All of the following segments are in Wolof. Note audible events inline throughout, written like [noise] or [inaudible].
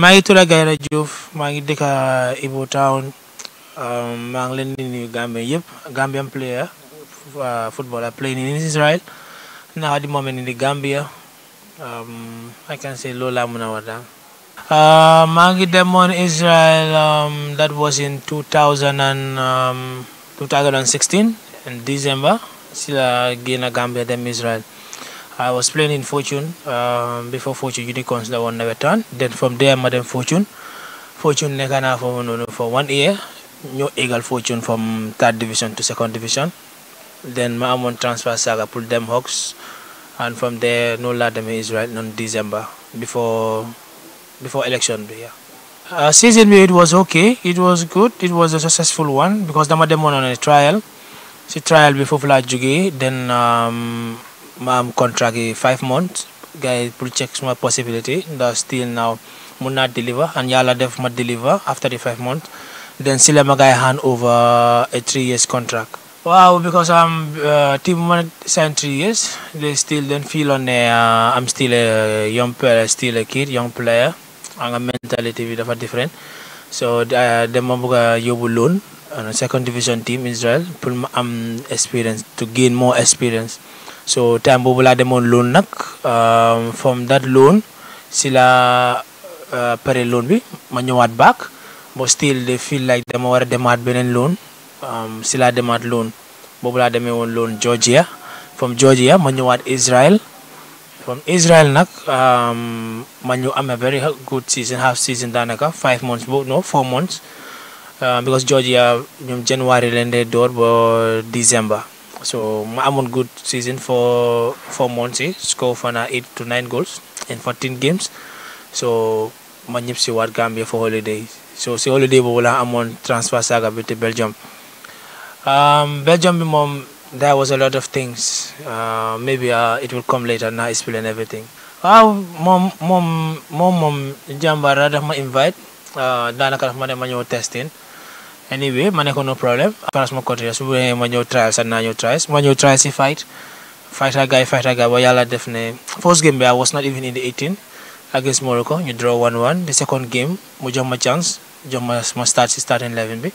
maa ngi tudd Gaye Diouf maa ngi dëkk Ibo Town euh, maa ngi leen di nuyu Gambia yëpp Gambian player uh, footballer playing in Israel now at the moment in Gambia um, I can say loolu laa mën a wax daal Uh, maa ngi demoon Israel um, that was in 2000 and, um, 2016 in December si la génn Gambia dem Israel I was playing Fortune um, before Fortune Unicorns la woon nawetaan then from there ma dem Fortune Fortune nekk naa foofu noonu for one year ñoo égal Fortune from third division to second division then ma amoon transfer saga pour dem Hawks and from there noonu laa demee Israel noonu December before election bi yeah. Uh, season bi it was okay it was good it was a successful one because dama demoon on a trial si trial bi foofu laa then. Um, ma am contract yi five months gars yi check suma possibility ndax still now mun naa deliver and yàlla def ma deliver after the five months then si ma gars hand over a three years contract. waaw because am uh, team ma sign three years they still then feel on ne am uh, still a young player still a kid young player anga mentality bi dafa different so uh, dama bëgg a yóbbu loon second division team Israel pour ma am experience to gain more experience. so time boobu laa demoon loan nag um, from that loan si la uh, pare loan bi ma ñëwaat back but still they feel like dama war a demaat beneen loon um, si laa demaat loon boobu laa demee woon loan Georgia from Georgia ma ñëwaat Israel from Israel nag um, ma ñëw am a very good season half season daanaka five months bo no four months uh, because Georgia ñoom January leen dee door ba December So my am on good season for four months. Score for now eight to nine goals in 14 games. So ma ñëpp si waat Gambia for holiday so si holiday boobu laa amoon transfer saga bi te Belgium um, Belgium bi moom there was a lot of things uh, maybe uh, it will come later naa explain everything moom moom moom moom daf ma invite uh, daanaka daf ma ne ma testing anyway ma ne ko no problème après ma continuer su boobaa ma ñëw trial sax naa ñëw trial ma ñëw trial si fight fight ak gars yi ba yàlla def ne first game bi I was not even in the 18 against Morocco ñu draw 1-1 the second game mu jox chance jox start si starting eleven bi.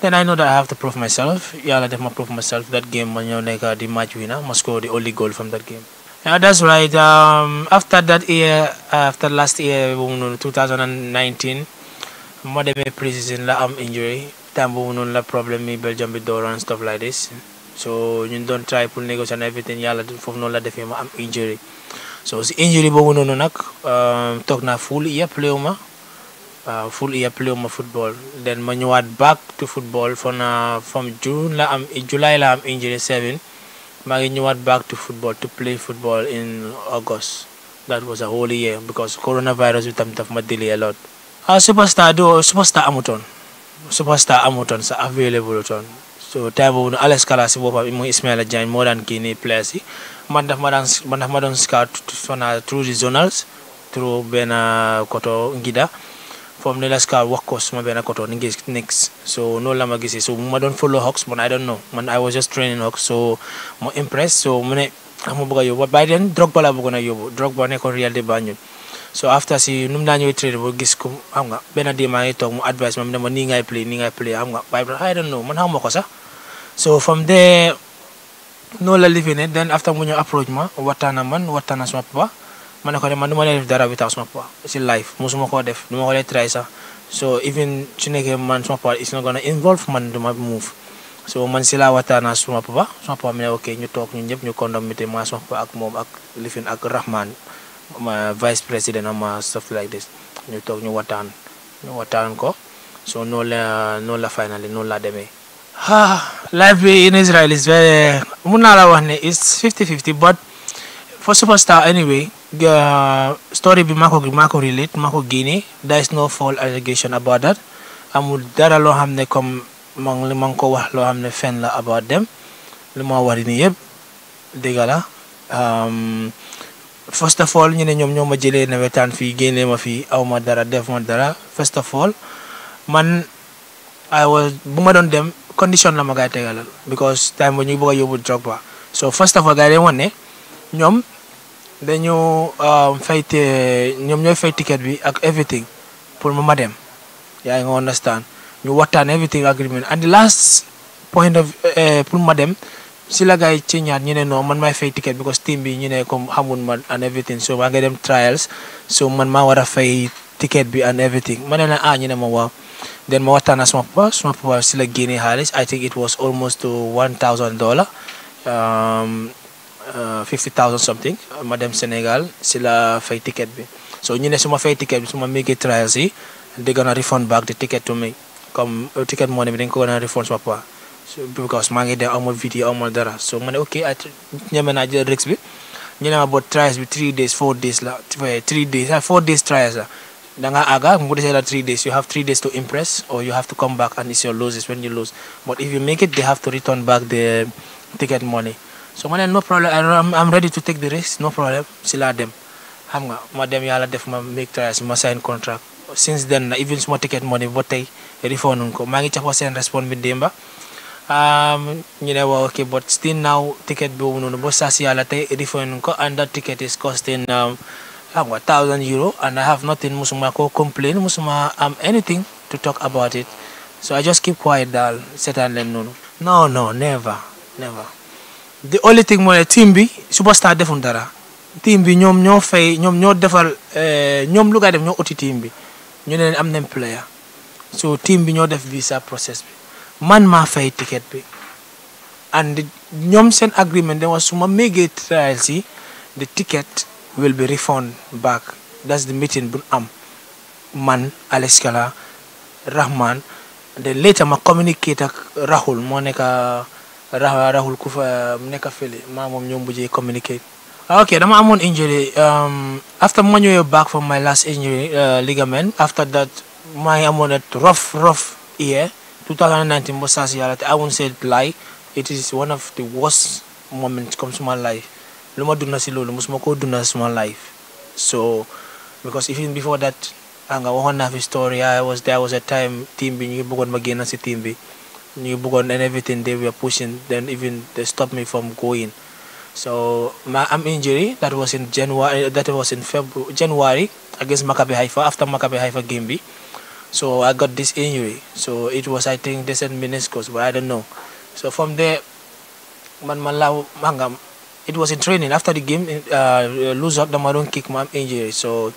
then I know that I have to prove myself yàlla def ma prove myself that game ma ñëw nekk di match winner ma score the only goal from that game. that's right. Um, after that year, after last year, time boobu noonu la problème mi Belgium bi door and stuff like this so ñu doon try pour negotiate everything yàlla foofu noonu la defee ma am injury so si injury boobu noonu nag um, toog naa full year playuma uh, full year playuma football then ma ñëwaat back to football for na from June la am July la am injury seven maa ngi ñëwaat back to football to play football in August that was a whole year because coronavirus bi tam daf ma delay a lot. ah superstar amutoon. superstar amutoon sa available toon so tey boobu nu Alex Kala si boppam muy Ismaila Diagne moo daan kii nii place yi man daf ma daan man daf ma doon scout fanaa through the zonals through benn koto ngida foofu ni la scout wax ko suma benn koto ni ngi so noonu la ma gisee so mu ma doon follow Hawks man I don't know man I was just training Hawks so mu impress so mu ne xam ah, ma bëgg a yóbbu by then Drogba la bëggoon a yóbbu Drogba nekkoon Real de Banjul so after si nu mu daa ñëwee trader ba gis ko xam nga benn di maa ngi toog mu advice ma ne nii ngay play nii ngay play xam nga waaye I don't ko sax so from there noonu la lifine eh. then after mu ñëw approach ma waxtaan man waxtaan suma papa ma ne ko ne man du ma leen def dara without suma papa si life musuma koo def du ma ko leen try sax so even su nekkee man suma papa is not gonna involve man du ma move so man si laa waxtaana suma papa suma papa mi ne ok ñu toog ñu ñëpp ñu condom maa suma papa ak moom ak lifin ak Rahman ma vice president ama stuff like this ñu toog ñu waxtaan ñu waxtaan ko so noonu la noonu la noonu laa demee ah life bi in Israel is very mun naa la wax ne it's fifty fifty but for superstar anyway story bi ma ko maa ko relate maa ko génne there is no false allegation about that amul dara loo xam ne comme ma ngi ko wax loo xam ne fen la about dem lu ma wari ni yëpp la um, first of all ñu ne ñoom ñoo ma jëlee nawetaan fii génnee ma fii aw ma dara def ma dara first of all man I was bu ma doon dem condition la ma gaay tegalal because time ba ñu bëgg a yóbbu Drogba so first of all gars yi dañ ñoom dañu um, fayte ñoom ñooy fay ticket bi ak everything pour ma ma dem yaa ngi understand ñu waxtaan everything agreement and last point of eh, pour ma dem si la gars yi ci ñaat ñu ne non man maay fay ticket because team bi ñu ne comme xamul ma and everything so maa nga dem trials so man maa war a fay ticket bi and everything ma ne la ah, ñu ne ma waaw then ma waxtaan ak sama papa sama si la génnee xaalis I think it was almost to one thousand dollar um, uh, fifty thousand ma dem Sénégal si la fay ticket bi so ñu ne su ma fay ticket bi su ma méegee trials yi they gonna refund back the ticket to me comme uh, ticket moo ne bi dañ ko gën a refund sama papa because maa ngi dem amul vidéo amul dara so ma ne ok at ñeme naa jël risque bi ñu ne ma trials bi three days four days la three days ah, four days trials la da ngaa àgga mu desee la three days to impress or you have to come back and it's your loses when you lose but if you make it they have to return back the ticket money so ma ne no problem I'm ready to take the risk no problem si laa dem xam nga ma dem yàlla def ma make trials ma sign contract since maa ngi capoo seen respond um, you know, well, okay, but still now ticket bill no no sasi alate refund ko and that ticket is costing um like what thousand euro and I have nothing musuma ko complain musuma um anything So I just keep quiet dal set and then no. No no never never. The only thing mooy team bi superstar defun dara. team bi ñoom ñoo fay ñoom ñoo defal eh, ñoom lu gaa ñoo uti team bi ñu ne am nañ player bi ñoo def visa process bi man maa fay ticket bi and ñoom seen agreement dañ wax su ma méegee trials yi the will be refund back that's the meeting bu am man Alex Kala Rahman later ma communicate ak Rahul moo nekk uh, Rahul ku fa uh, nekk fële maa moom ñoom mujjee communicate ah, ok dama amoon injury um, after ma ñëwee back from my last injury uh, ligament after that maa ngi amoon a rough rough year 2019 was as yàlla te I won't say lie it is one of the worst moments come to life lu ma dund si loolu mosuma koo dund si my life so because even before that ah, nga waxoon naa fi story I was there time team bi ñu ngi bëggoon ma génn si team bi ñu ngi bëggoon and everything they were pushing then even they stopped me from going so my arm injury that was in January that was in February Haifa after Maccabi Haifa game bi So I got this injury. So it was, I think, decent meniscus, but I don't know. So from there, man, man, mangam, it was in training. After the game, uh, lose up the don't kick, my injury. So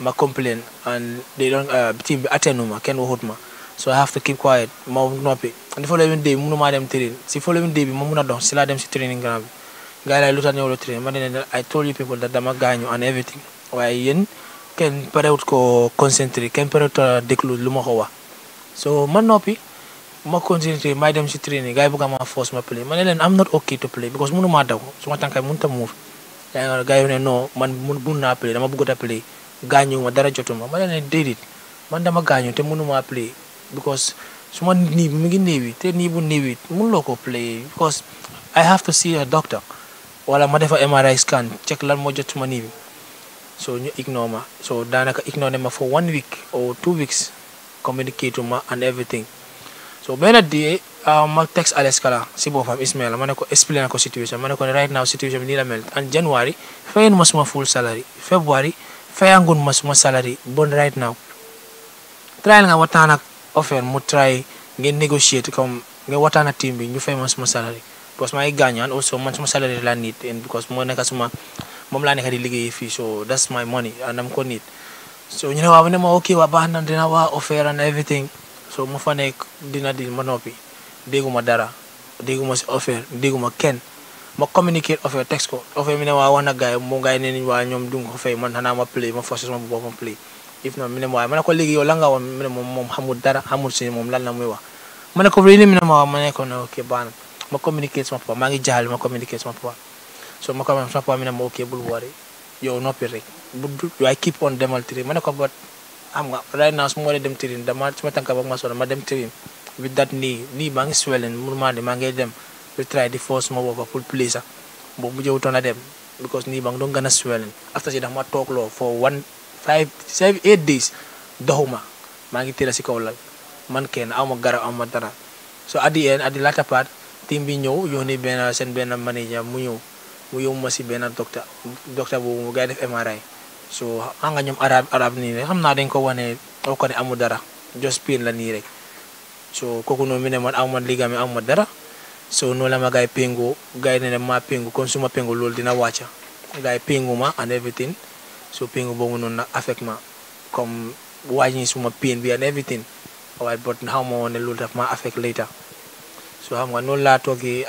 my complain and they don't uh, team attend me, can hold me. So I have to keep quiet. Ma noppi. And the following day, munu ma dem train. The following day, ma muna don sila dem si training ground. Guy like Lutan Euro train. Man, I told you people that dama ganyo and everything. Why yen? kenn parewut ko concentré kenn parewut a déglu lu ma ko wax so ma noppi ma concentré may dem si training gars yi bëgg ma force ma play ma ne leen am not okay to play because mënu maa daw suma tànkaay mënut a move gars yi ne non man mun naa play dama bëggut a play gaañu ma dara jotuma ma ne leen déedéet man dama gaañu te mënu maa play because suma nii mi ngi néewi te nii bu néewi mënuloo ko play because I have to see a doctor wala ma defa MRI scan check lan moo jot suma nii bi so you ignore me so danaka ignore me for one week or two weeks communicate to and everything so benn day ah, ma text Alex Kala si boppam Ismaila ma ne ko explain ko situation ma ne ko right now situation bi nii la mel en January fayen ma suma full salary February fayangun ma suma salary bon ñu fay ma suma salary because also man suma salary laa need and because moo nekk suma moom laa nekk di liggéey fii so that's my money and ko need so ñu ne waaw ma baax na dina waa offer and everything so mu fa nekk dina ma dara dégguma ma communiquer offer text ne ko fay ma play ma force sama bu boppam play if non mi ne ma waaye ma ne ko léegi yow la nga woon mi ne moom moom xamul dara xamul lan ma ne ko really mi ma waaw ma na ma communiquer sama papa maa ngi jaxal ma communiquer sama papa so ma ko ma sama papa mi ne ma ok bul worry yow noppi rek bu du waaye keep on demal tirin ma ne ko but xam nga right now su ma waree dem tirin dama su ma tànka ba ma sonal ma dem tirin with that nii nii maa ngi swelling mu maa maa ngay dem di try di force ma boppa pour please sax boobu bu jëwutoon a dem because nii ba nga doon gën a swelling after si dax ma toog loo for one five seven eight days doxuma maa ngi tëra si kaw lal man kenn aw ma garab aw ma dara so at the end at the latter part team bi ñëw yónni benn seen benn manager mu ñëw mu yóbbu ma si benn docteur docteur boobu mu gaa def MRI so xam nga ñoom arab arab nii rek xam naa dañ ko wane doo ko ne amul dara just pain la nii rek so kooku noonu mi ne man amu ma ligament amu ma dara so noonu la ma gaa yi péngoo ne ma péngu kon su ma péngu loolu dina wàcca gaa yi ma and everything so péngu boobu noonu nag affect ma comme wàññi suma pain bi and everything waaye but xaw ma woon ne loolu daf ma affect later so xam nga noonu laa toogee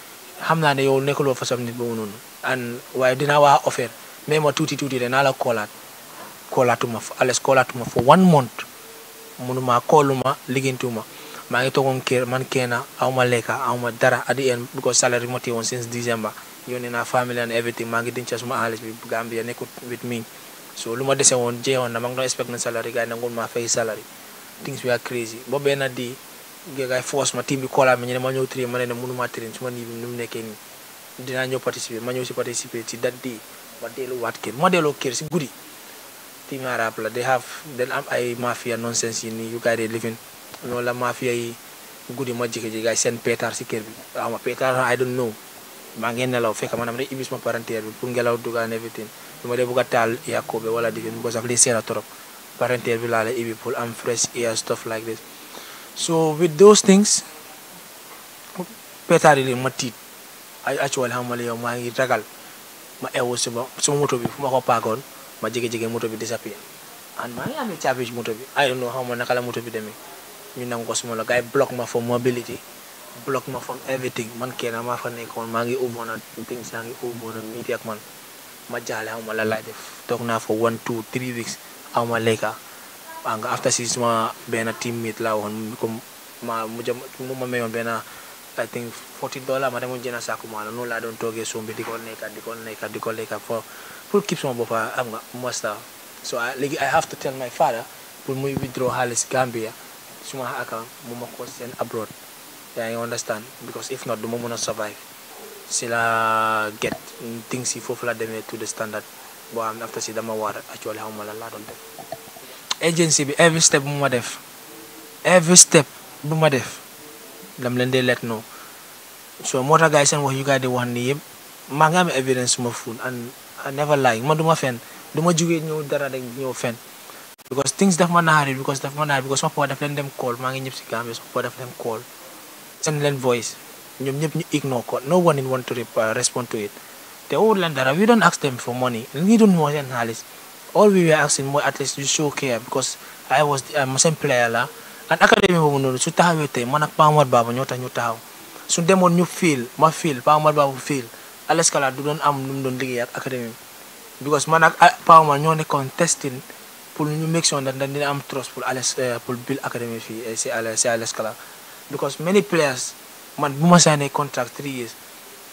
xam naa ne yow nekkuloo façon nit boobu noonu and waaye dinaa waa offert mais ma tuuti tuuti de naa la koolaat koolaatuma fa ales koolaatuma for one month mënuma kooluma liggéeyantuma maa ngi toogoon kër man keena aw ma lekka aw ma dara at the end because salary ma téye woon since December yónnee naa family and everything maa ngi denc suma xaalis bi Gambia nekkut with me so lu ma dese woon jeexoon na ma ngi doon expect na salary gars yi nangul maa fay géegaay force ma team bi koolaa ma ñëw train ma ne ne mënumaa train su ma nii bi nu mu nekkee nii dinaa ñëw participer ma ñëw si participer si dat di ma delluwaat kër ma delloo kër si guddi team arab la they have dañ am ay mafia nonsense yi nii la mafia yi ma jékki-jékki gars yi seen pétard si kër bi waaw ah, ma pétard I don't know maa ngi nelaw fekk man am rek ibbi sama parentière bi pour ngelaw dugal and everything lu ma dee bëgg a taal yàqoo bi wala divin because of li seera trop parentière bi laa la ibbi pour am fresh So with those things pétard yi ma tiit ay actually xam nga yow maa ngi ragal ma ewu suma suma moto bi fu ma ko paakoon ma jege-jege moto bi disappear and maa ngi amee caabi ci moto bi I don't know xam nga naka la moto bi demee ñu nangu ko suma la gars yi block ma for mobility block ma from everything man kenn ma fa nekkoon maa ngi ubboon a things yaa ngi ubboon a meet man ma jaale xaw ma la laay def toog naa for one two three weeks xaw ma lekka ang after season mga bena teammate la won ko ma mu jëm mu ma mayon bena I think 40 dollar ma dem jëna saako ma no la doon toogee sombi di ko nekkat di ko nekkat di ko lekkat for am nga mosta so léegi I have pour muy xaalis Gambia suma account mu ma ko send abroad yaa ngi understand because if not du ma mën a survive si la get things yi foofu la demee to the standard boo xam ne after si dama war actually xaw ma laa doon def agency bi every step bu ma def every step bu ma def lam leen dee let noo so moo tax gars yi seen wax yu gars di wax nii yëpp maa ngi am evidence suma fuul and I never lie man du ma fen du ma jugee ñëw dara rek ñëw fen because things daf ma naxari because daf ma naxari because sama papa daf leen dem call maa ngi ñëp si Gambia sama papa daf leen call seen leen voice ñoom ñëpp ñu ignore ko no one in want to uh, respond to it te wóor leen dara we don't ask them for money li ñu doon moo all we were asking mooy at least you show care because I was the same player la and academy boobu noonu su taxawee tey man ak Pa Omar Baba ñoo tax ñu taxaw su demoon ñu fiil ma fiil Pa Omar Baba fiil du doon am lu mu doon liggéey ak academy because man ak Pa Omar ñoo nekkoon testing pour ñu make sure that dina am trust pour Alex euh, pour build academy fii si Alex si Alex Kala because many players man bu ma signé contract three years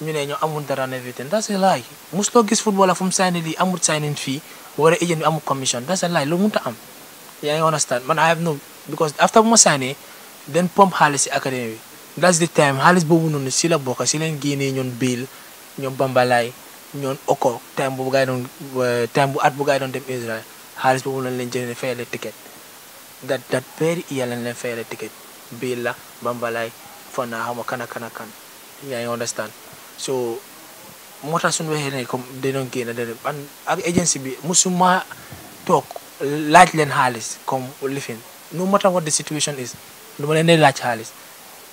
ñu ne ñoo amul dara ne vitin that's a lie mosutoo gis footballer fu mu signé lii amul signé fii wala agent bi amul commission that's a lie loolu mënut a am. yaa ngi understand man I have no because after bu ma signé den pompe xaalis si académie bi that's the time xaalis boobu noonu si la bokk si leen génnee ñoon Bill ñoom Bambalaay ñoon Oko time euh, bu gaa yi at bu gaa yi doon dem Israël xaalis boobu lañ leen jëlee fayale ticket that that very year lañ leen ticket Bill la Bambalaay fon naa xam kan ak kan so moo tax suñu waxee ne comme dañoo génn dañu an ak agency bi musuma toog laaj leen xaalis comme lifin no mata what the situation is du ma leen di laaj xaalis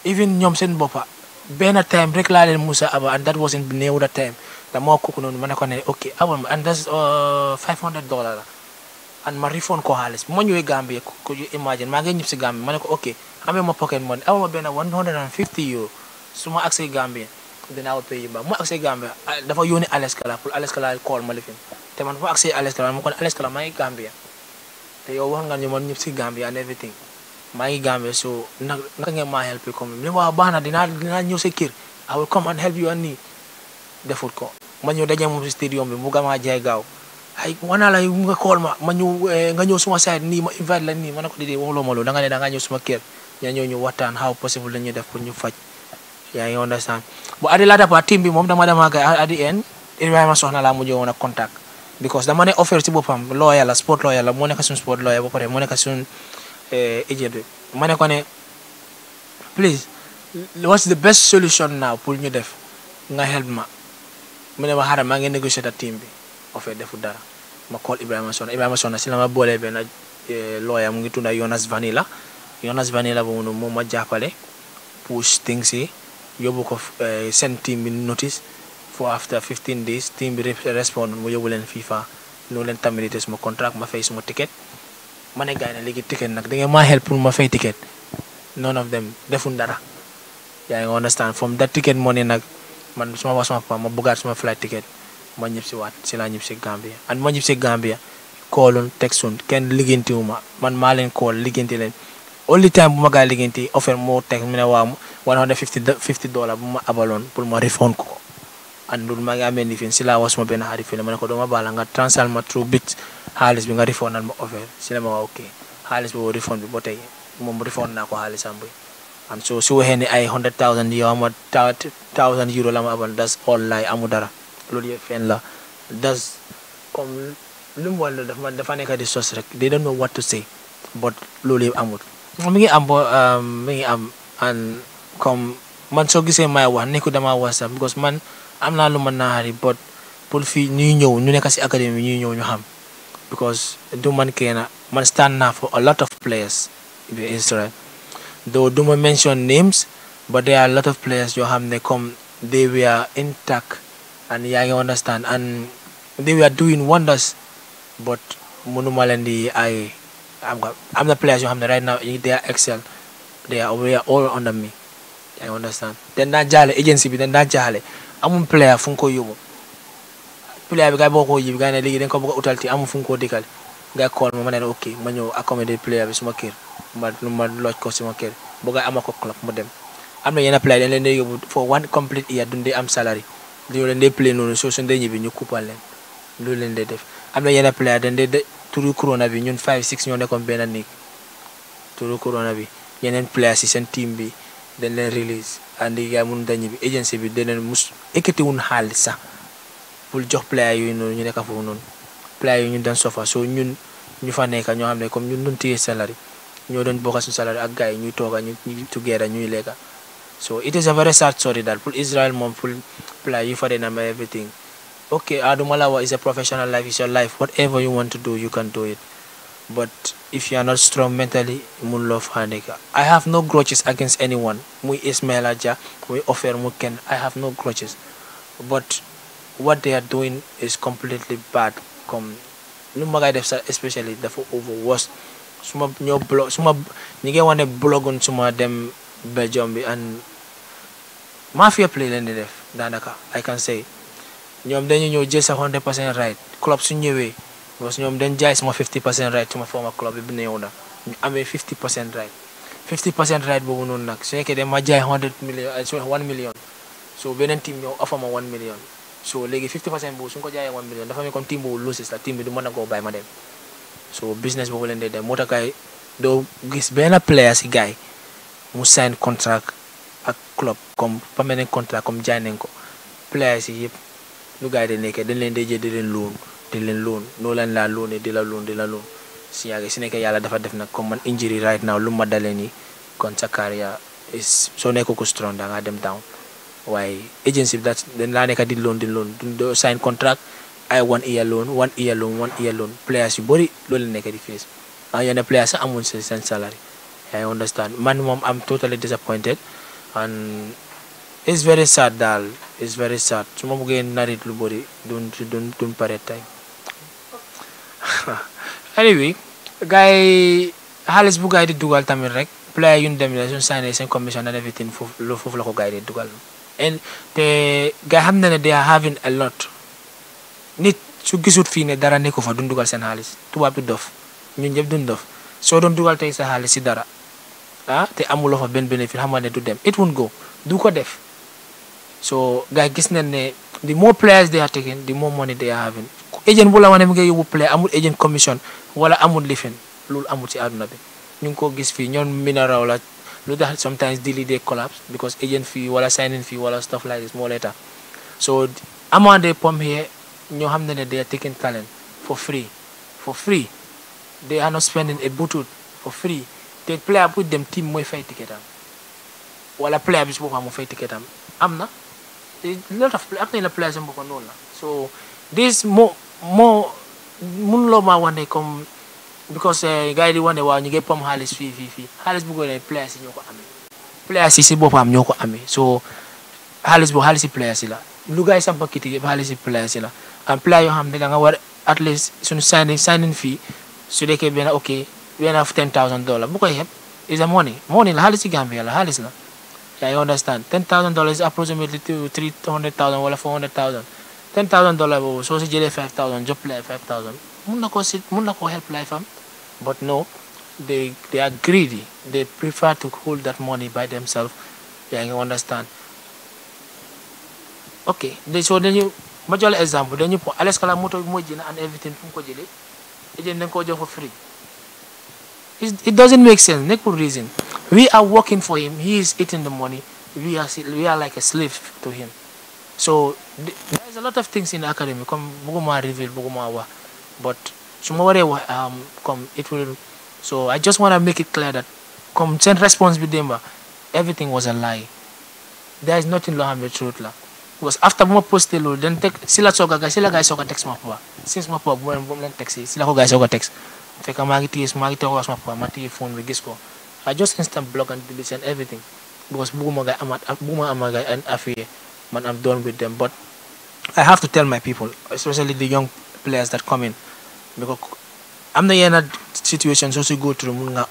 even ñoom seen boppa benn time rek laa leen Musa aba and that wasn't new that time da moo kooku noonu ma ne ko ne ok abal ma and that's uh, five hundred dollars la and ma refund ko xaalis ma ku imagine ma ne ko ok amee ma pocket money abal ma benn one hundred and su ma agsee Gambie dinaa wut pays ba mu accès Gambia ah, dafa yónni Aleskala pour Aleskala call ma lifin te man fu accès Aleskala ma kon Aleskala maa te yow wax nga na dinaa dinaa ñëw sa kër I will come and help you and nii ko ma ñëw daje moom si stadium bi mu gamaa jaay gaaw ay wanaa la nga call ma ma ñëw eh, nga ñëw suma side nii ma invite la nii ma ne ko déedéet waxuloo ma loolu da ne da ngaa ñëw suma kër ñaa ñëw ñu waxtaan how possible la def pour ñu faj yaa ngi understand bu adi laata part team bi moom dama dem ak adi en Ibrahima Soxna laa mujjee woon a contact because dama ne offer ci boppam lawyer la sport lawyer la moo nekk suñ sport lawyer ba eh, solution now pour ñu def nga help ma mu ne ma maa ngi négocier team bi offer defu dara ma call Ibrahima Soxna Ibrahima Soxna si la ma boolee eh, ngi tunda Jonas Vanilla Jonas Vanilla boobu noonu moom ma jàppale push things yóbbu ko eh, seen team bi notice for after 15 days team bi respond mu yóbbu leen FIFA ñu leen terminate suma contract ma fay suma ticket ma ne gars yi ne léegi ticket nag da ngeen maa help pour ma fay ticket none of them defuñ dara yaa ngi understand from that ticket money nag man suma wax suma papa ma bëggaat suma flight ticket ma ñibb si waat si laa ñib si Gambia and ma ñib si Gambia kooloon texoon kenn liggéeyantiwu ma man maa leen kool liggéeyanti leen only time bu ma gaa liggéeyanti offer moo teg mu ne waa bu ma abaloon pour ma refund ko and loolu maa ngi amee ni fi si laa wax suma benn xarit fi ne nga transal ma ma offer si la ma waa ok xaalis boobu refund bi ba tey moom refund naa ko xaalisam bi and so su waxee ne ay hundred thousand yow ma thousand dara loolu yëpp fen la das comme lu mu wàll dafa nekka di sos rek they don't know what to say but loolu yëpp amul mi ngi am um, mi ngi am and comme man soo gisee ma wax ne ko damaa wax sax because man am naa lu ma naari but pour fii ñuy ñëw ñu nekk si académie ñuy ñëw ñu xam because du man keena man stand naa for a lot of players bi Israel though du ma mention names but there are lot of players yoo xam ne comme they were intact and yaa ngi understand and they were doing wonders but mënuma leen di ay am nga am na players yoo xam ne right now they are excel they are all under me I understand den daan jaale agency bi den daan jaale amul player fu nga koy yóbbu bi kay boo ko yóbbu kay ne ko bëgg a utal ti amul ma ma ma ñëw accommoder player bi suma kër ma ma loj ko suma kër bu ngay ko club mu dem am na yenn player dañ leen dee yóbbu for one complete year duñ dee am salary dañoo leen dee play noonu soo suñ ñibbi ñu kuppal leen loolu leen dee def am na yenn player turu corona bi ñun five six ñoo nekkoon benn néeg turu corona bi yeneen players yi seen tiim bi dañ leen release andi gars mun dañu bi agency bi dañ leen mus ekkati wuñ xaalis pour jox players yooyu noonu ñu nekk foofu noonu players yooyu ñun dañ sofa so ñun ñu fa nekk ñoo xam ne comme ñun doon téye salari ñoo doon bokk suñu salari ak gars yi ñuy tooga ñu together ñuy lekka so it is a very sad story daal pour Israel moom pour players yi fa dee na everything okay adumalawa is a professional life it's your life whatever you want to do you can do it but if you are not strong mentally mun loo faa i have no grudges against anyone muy Ismaila Jah muy Ofer mu kenn i have no grudges but what they are doing is completely bad comme nu ma def sax especially dafa over worse suma ñoo blog suma ñi ngi wane blogun suma dem Belgium bi and mafia play leen di def daanaka i can say ñoom dañu ñëw jël sa hundred percent right club su ñëwee parce ñoom dañ jaay sama fifty percent right suma former club bi bi néew na ñu amee fifty percent right fifty boobu noonu nag su nekkee dama jaay hundred million su one million so beneen team ñëw offer ma one million so léegi percent boobu su ñu ko jaayee one million dafa mel comme team boobu loses la team bi du mën a koo bàyyi ma dem so business boobu leen dee dem moo tax doo gis benn player si gars yi mu sign contract ak club comme permanent contract comme jaay nañ ko player si yëpp. lu gars yi di nekkee dañ leen day jël di leen loon di leen loon noo leen laa loonee di la loon di la loon si yàgg si nekkee yàlla dafa def nag comme man injury right now lu ma dalee nii kon sa carrière soo nekkul ko strong da ngaa dem down waaye agency bi daal dañ laa nekk di loon di loon doo sign contract ay one year loan one year loan one year loan players yu bëri loolu la nekk di face ah yenn players sax amuñ seen seen salary I understand man moom am totally it's very sad daal it's very sad su ma buggee narit lu bari duñ duñ duñ pare [laughs] anyway gars xaalis bu gars di dugal tamit rek player yu ñu dem la suñ signé seen commission and everything foofu foofu la ko gars yi di dugal te gars xam na ne they are having a lot nit su gisut fii ne dara ko fa duñ dugal seen xaalis tubaab du dof ñun ñëpp duñ dof soo doon dugal tey sa xaalis si dara ah te amuloo fa benn bénéfice xam nga ne du dem it won't go du ko def So guys gis nañ ne the more players they are taking the more money they are having agent bu la wane ngay yóbbu player amul agent commission wala amul lifin loolu amul ci àdduna bi ñu ngi ko gis fii ñoom mineraw la lu tax sometimes deal day collapse because agent fii wala signing fii wala stuff like this moo lay so amoon des pommes here ñoo xam ne ne they are taking talent for free they are not spending a butut for free te player bu dem team mooy fay ticketam bi su boppam am na a lot of actually players mo kono na so mo mo mun lo ma wane comme because eh, gars yi di wane waaw ñu ngi pom xaalis fii fii fii xaalis bu ko ne players yi ñoo ko amee players yi si boppam ñoo ko amee so xaalis bu xaalis si players yi la lu gars yi sampa kiti yëpp xaalis si players yi la am players yoo xam ne da nga war at least suñu signing signing fii su dekkee benn ok benn ten thousand dollar bu ko yëpp is a money money la xaalis si Gambia la xaalis la Yeah, you understand? Ten thousand dollars is approximately to three hundred thousand wala four hundred thousand ten thousand dollars boobu soo si jëlee five thousand jox la mun na ko si mun na koo help life am but no they they are greedy they prefer to hold that money by themselves yaa ngi understand ok so dañu ma jox la exemple dañu po Alex Kala moto bi mooy jënd and everything fu ko jëlee jënd koo jox for free it doesn't make sense nekkul reason We are working for him. He is eating the money. We are, like a slave to him. So there's a lot of things in the academy. Come, buguma reveal, buguma wa. But sumaware um come it will. So I just want to make it clear that come send response with them. Everything was a lie. There is nothing long the truth la. Because after mo poste lo, then take sila soga guys, sila guys soga text mapua. Since mapua, buwan buwan text sila ko guys soga text. Feka magi tis magi tawo mas gis ko. I just instant block and delete and everything because buguma guy amat uh, and affair man I'm done with them. But I have to tell my people, especially the young players that come in, because I'm not in a situation so to go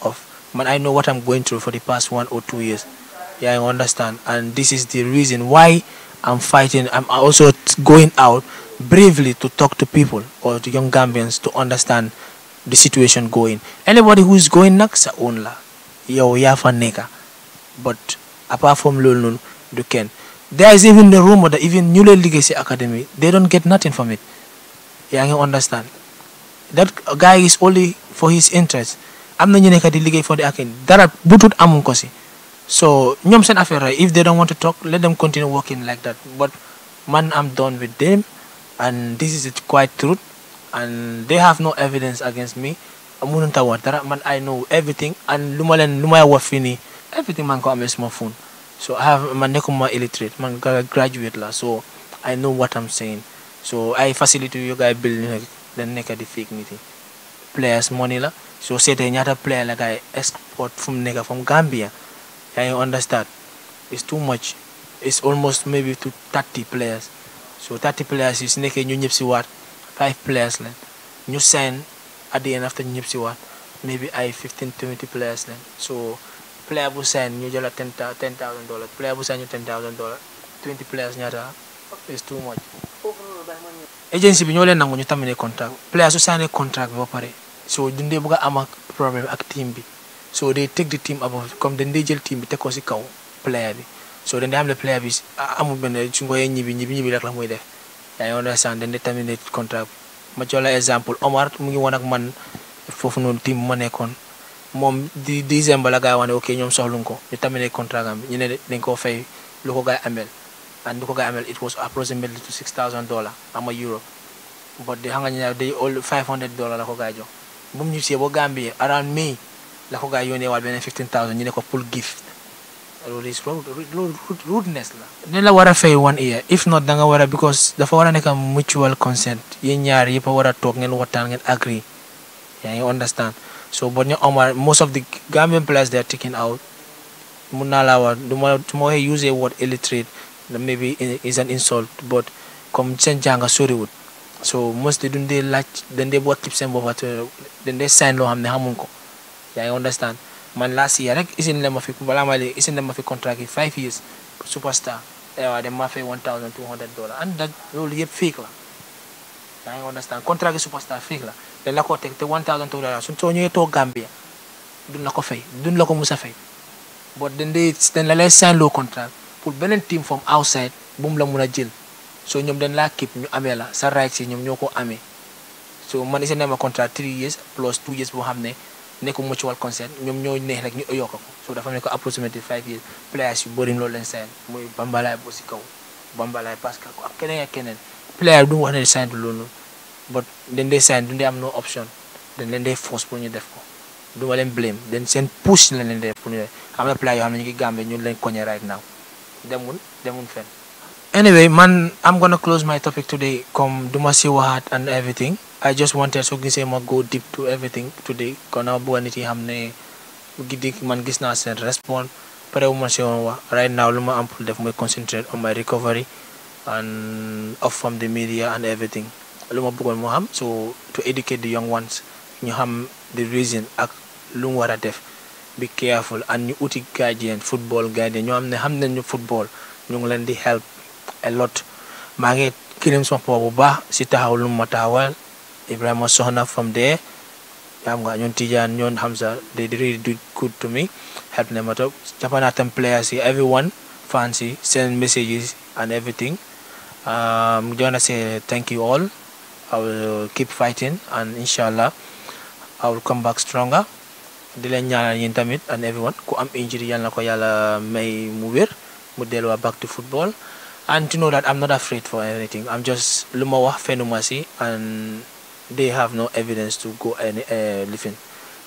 off. Man, I know what I'm going through for the past one or two years. I understand, and this is the reason why I'm fighting. I'm also going out bravely to talk to people or to young Gambians to understand the situation going. Anybody yow yaa fa nekka but apart from loolu noonu du kenn there is even the rumor that even ñu liggéey si academy they don't get nothing from it yaa ngi understand that guy is only for his interest am na ñu nekk di liggéey for the academy dara butut amuñ ko si so ñoom seen affaire if they don't want to talk let them continue working like that but man I'm done with them and this is the quite truth and they have no evidence against me mënut a wax dara man I know everything and lu ma leen lu may wax fii nii everything maa ngi ko amee suma phone so ma have man nekkuma illiterate man graduate la so I know what I'm saying so ay facility yu gaay build ni rek dañ nekk di fake nit yi players money la soo seetee ñaata player la gaay export fu mu nekk from Gambia yaa ngi understand it's too much it's almost maybe to 30 players so 30 players yi su nekkee ñu ñëpp si waat 5 players la ñu sign a the end after ñu ñëpp si waat maybe ay 15 20 players lañ so player bu sign ñu jëla 10 thousand dollars player bu sign ñu 10 thousand dollars 20 players ñaata is too much. agency bi ñoo leen nangu ñu terminé contract player su signé contract bi ba pare so dundee bëgg am ak problème ak team bi so day take the team above comme dañ day jël team bi teg ko si kaw player bi so dañ day xam ne player bi ah, amul benn su ngoyee ñibi ñibi ñibi rek la muy def yaa ma jox la exemple Omar mu ngi woon ak man foofu noonu team ma nekkoon moom di dixième ba la gaa wax ne ok ñoom soxluñ ko ñu terminé contrat am ñu ne dañ koo fay lu ko gaa amel and lu ko gaa amel it was approximately to six thousand dollars ama euro but di xam nga ñu ne day all five hundred dollars la ko gaa jox bu mu ñu see ba Gambie around May la ko gaa yónnee waat beneen fifteen thousand ñu ne ko pour gift loolu is wrong loolu rudeness la. ne la war fay one year if not da nga war a because dafa war a nekk mutual consent yéen ñaar yëpp a war a toog ngeen waxtaan ngeen agree yaa ngi understand so boo ñu Omar most of the Gambian players they are taking out mun naa laa wax du ma su ma waxee use word illiterate maybe is an insult but comme seen jànga soriwul so mostly duñ dee laaj dañ dee boot seen bopp dañ dee sign loo xam ne xamuñ ko yaa understand. man last year rek usine la ma fi balaa ma léegi usine la ma fi contract yi five years superstar aywa eh, dem ma fay one thousand two hundred dollars and that loolu yëpp fake la yaa ngi understand contract yi superstar fake la dañ la ko te one thousand soo ñëwee toog Gambia ko fay duñ la ko mus a fay but dañ day la lay sign pour beneen team from outside bu mu la mun a jël so ñoom dañ laa képp ñu amee la sa rights yi ñoom ñoo ko amee so man usine la ma contract three years plus two years boo xam ne. nekkul mutual consent ñoom ñoo neex rek ñu yokk ko so dafa nekk approximately five years players yu bëri loolu lañ sign muy bambalaay bo si kaw bambalaay parce que ak keneen ak keneen player du wax ne sign du loolu but dañ dee sign du dee am no option dañ leen dee force pour ñu def ko du ma leen blame dañ seen push lañ leen def pour ñu am na player yoo xam ne ñu ngi Gambie ñu leen koñe right now demun demun fenn anyway man I'm gonna close my topic today comme duma si waxaat and everything I just wanted soo gisee ma go deep to everything today kon naa bëgg nit yi xam ne giddi man gis naa seen response pare wu ma si woon wax right now lu ma am pour def mooy concentrate on my recovery and off from the media and everything lu ma bëggoon moo xam so to educate the young ones ñu xam the reason ak lu mu war a def be careful and ñu uti guardian football guardian ñoo xam ne xam nañu football ñu ngi leen di a lot maa ngi kirim sama papa bu baax si taxaw lu ma taxawal Ibrahima Soxna from there xam nga ñun Tijaan ñoon Hamza they really do good to me help na ma top Japanatam players yi everyone fans yi seen messages and everything um, gonna say thank you all I will keep fighting and inshallah I will come back stronger di leen ñaanal yéen tamit and everyone ku am injury yàlla na ko yàlla may mu wér mu delluwaat back to football and to know that I'm not afraid for anything. I'm just lumawa fenomasi and they have no evidence to go any eh, living.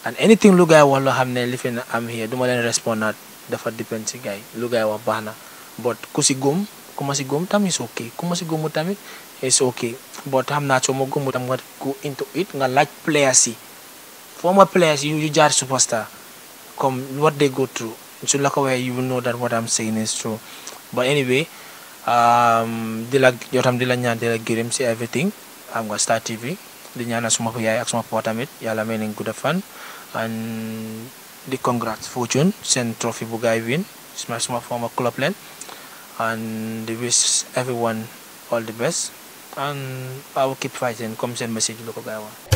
And anything lu gaay wax loo xam ne living am here duma leen respond naat dafa depend si gaay lu gaay wax baax na but ku si góom ku si góom tamit is okay ku ma si góomu tamit is okay but xam naa soo ma góomu tam nga go into it nga laaj players yi yu jaar superstar comme what they go through su la ko waxee you will know that what I'm saying is di la yow di la ñaan di la gërëm si everything xam nga Star TV di ñaanal suma yaay ak suma papa tamit yàlla may nañ gudd fan and di congrate Fortune seen trophy bu gaay win suma suma former club leen and di wish everyone all the best and I will keep fighting comme seen message lu ko gaay wax